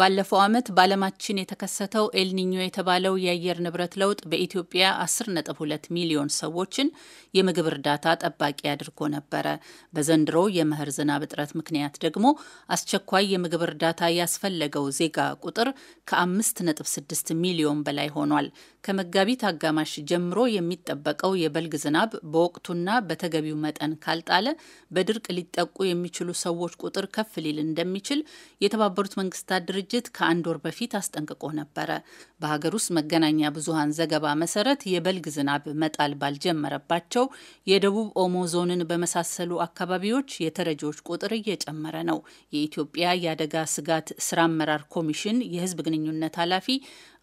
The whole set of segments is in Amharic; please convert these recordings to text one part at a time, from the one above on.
ባለፈው ዓመት በዓለማችን የተከሰተው ኤልኒኞ የተባለው የአየር ንብረት ለውጥ በኢትዮጵያ 10.2 ሚሊዮን ሰዎችን የምግብ እርዳታ ጠባቂ አድርጎ ነበረ። በዘንድሮ የመኸር ዝናብ እጥረት ምክንያት ደግሞ አስቸኳይ የምግብ እርዳታ ያስፈለገው ዜጋ ቁጥር ከ5.6 ሚሊዮን በላይ ሆኗል። ከመጋቢት አጋማሽ ጀምሮ የሚጠበቀው የበልግ ዝናብ በወቅቱና በተገቢው መጠን ካልጣለ በድርቅ ሊጠቁ የሚችሉ ሰዎች ቁጥር ከፍ ሊል እንደሚችል የተባበሩት መንግስታት ድርጅት ከአንድ ወር በፊት አስጠንቅቆ ነበረ። በሀገር ውስጥ መገናኛ ብዙሃን ዘገባ መሰረት የበልግ ዝናብ መጣል ባልጀመረባቸው የደቡብ ኦሞ ዞንን በመሳሰሉ አካባቢዎች የተረጂዎች ቁጥር እየጨመረ ነው። የኢትዮጵያ የአደጋ ስጋት ስራ አመራር ኮሚሽን የህዝብ ግንኙነት ኃላፊ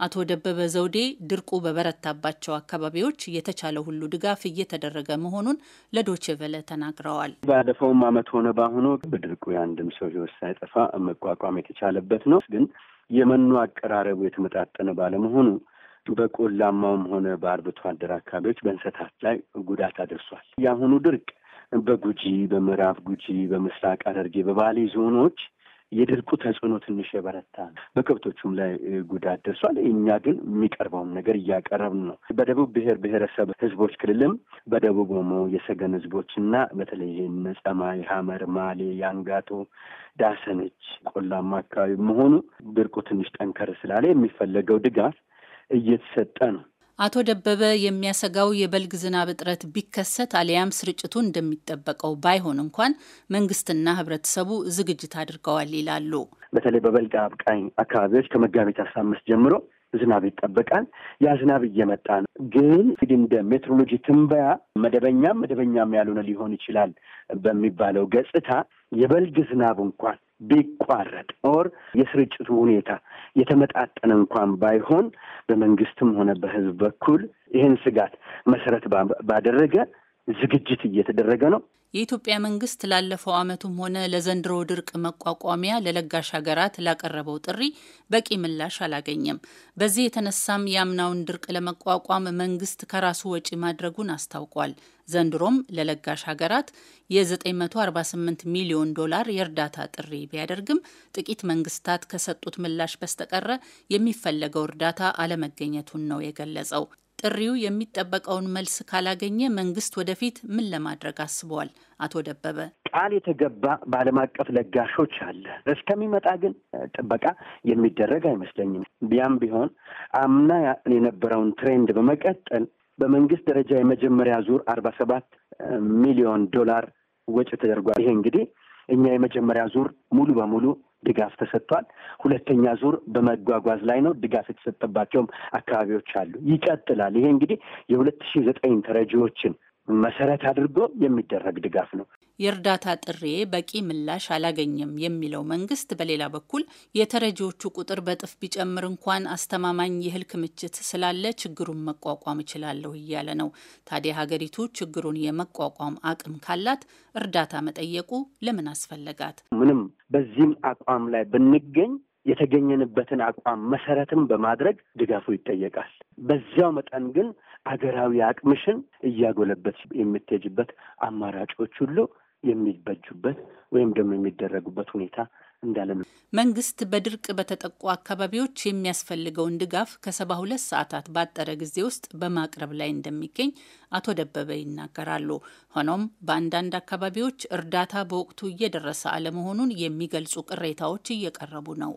አቶ ደበበ ዘውዴ ድርቁ በበረታባቸው አካባቢዎች የተቻለ ሁሉ ድጋፍ እየተደረገ መሆኑን ለዶቼ ተናግረዋል። ባለፈውም አመት ሆነ በአሁኑ በድርቁ የአንድም ሰው ህይወት ሳይጠፋ መቋቋም የተቻለበት ነው። ውስጥ ግን የመኖ አቀራረቡ የተመጣጠነ ባለመሆኑ በቆላማውም ሆነ በአርብቶ አደር አካባቢዎች በእንሰታት ላይ ጉዳት አድርሷል። የአሁኑ ድርቅ በጉጂ፣ በምዕራብ ጉጂ፣ በምስራቅ ሐረርጌ፣ በባሌ ዞኖች የድርቁ ተጽዕኖ ትንሽ የበረታ በከብቶቹም ላይ ጉዳት ደርሷል። እኛ ግን የሚቀርበውን ነገር እያቀረብን ነው። በደቡብ ብሔር ብሔረሰብ ህዝቦች ክልልም በደቡብ ኦሞ የሰገን ህዝቦች እና በተለይ ነጸማይ፣ ሀመር፣ ማሌ፣ ያንጋቶ፣ ዳሰነች ቆላማ አካባቢ መሆኑ ድርቁ ትንሽ ጠንከር ስላለ የሚፈለገው ድጋፍ እየተሰጠ ነው። አቶ ደበበ የሚያሰጋው የበልግ ዝናብ እጥረት ቢከሰት አሊያም ስርጭቱ እንደሚጠበቀው ባይሆን እንኳን መንግስትና ህብረተሰቡ ዝግጅት አድርገዋል ይላሉ። በተለይ በበልግ አብቃኝ አካባቢዎች ከመጋቢት አስራ አምስት ጀምሮ ዝናብ ይጠበቃል። ያ ዝናብ እየመጣ ነው። ግን ፊድ እንደ ሜትሮሎጂ ትንበያ መደበኛም መደበኛም ያልሆነ ሊሆን ይችላል በሚባለው ገጽታ የበልግ ዝናብ እንኳን ቢቋረጥ ኦር የስርጭቱ ሁኔታ የተመጣጠነ እንኳን ባይሆን በመንግስትም ሆነ በህዝብ በኩል ይህን ስጋት መሰረት ባደረገ ዝግጅት እየተደረገ ነው። የኢትዮጵያ መንግስት ላለፈው ዓመቱም ሆነ ለዘንድሮ ድርቅ መቋቋሚያ ለለጋሽ ሀገራት ላቀረበው ጥሪ በቂ ምላሽ አላገኘም። በዚህ የተነሳም የአምናውን ድርቅ ለመቋቋም መንግስት ከራሱ ወጪ ማድረጉን አስታውቋል። ዘንድሮም ለለጋሽ ሀገራት የ948 ሚሊዮን ዶላር የእርዳታ ጥሪ ቢያደርግም ጥቂት መንግስታት ከሰጡት ምላሽ በስተቀረ የሚፈለገው እርዳታ አለመገኘቱን ነው የገለጸው። ጥሪው የሚጠበቀውን መልስ ካላገኘ መንግስት ወደፊት ምን ለማድረግ አስበዋል? አቶ ደበበ ቃል የተገባ በዓለም አቀፍ ለጋሾች አለ። እስከሚመጣ ግን ጥበቃ የሚደረግ አይመስለኝም። ቢያም ቢሆን አምና የነበረውን ትሬንድ በመቀጠል በመንግስት ደረጃ የመጀመሪያ ዙር አርባ ሰባት ሚሊዮን ዶላር ወጪ ተደርጓል። ይሄ እንግዲህ እኛ የመጀመሪያ ዙር ሙሉ በሙሉ ድጋፍ ተሰጥቷል። ሁለተኛ ዙር በመጓጓዝ ላይ ነው። ድጋፍ የተሰጠባቸውም አካባቢዎች አሉ። ይቀጥላል። ይሄ እንግዲህ የሁለት ሺ ዘጠኝ ተረጂዎችን መሰረት አድርጎ የሚደረግ ድጋፍ ነው። የእርዳታ ጥሬ በቂ ምላሽ አላገኘም የሚለው መንግስት፣ በሌላ በኩል የተረጂዎቹ ቁጥር በጥፍ ቢጨምር እንኳን አስተማማኝ የእህል ክምችት ስላለ ችግሩን መቋቋም እችላለሁ እያለ ነው። ታዲያ ሀገሪቱ ችግሩን የመቋቋም አቅም ካላት እርዳታ መጠየቁ ለምን አስፈለጋት? ምንም በዚህም አቋም ላይ ብንገኝ የተገኘንበትን አቋም መሰረትም በማድረግ ድጋፉ ይጠየቃል። በዚያው መጠን ግን አገራዊ አቅምሽን እያጎለበት የምትሄጅበት አማራጮች ሁሉ የሚበጁበት ወይም ደግሞ የሚደረጉበት ሁኔታ እንዳለ ነው። መንግስት በድርቅ በተጠቁ አካባቢዎች የሚያስፈልገውን ድጋፍ ከሰባ ሁለት ሰዓታት ባጠረ ጊዜ ውስጥ በማቅረብ ላይ እንደሚገኝ አቶ ደበበ ይናገራሉ። ሆኖም በአንዳንድ አካባቢዎች እርዳታ በወቅቱ እየደረሰ አለመሆኑን የሚገልጹ ቅሬታዎች እየቀረቡ ነው።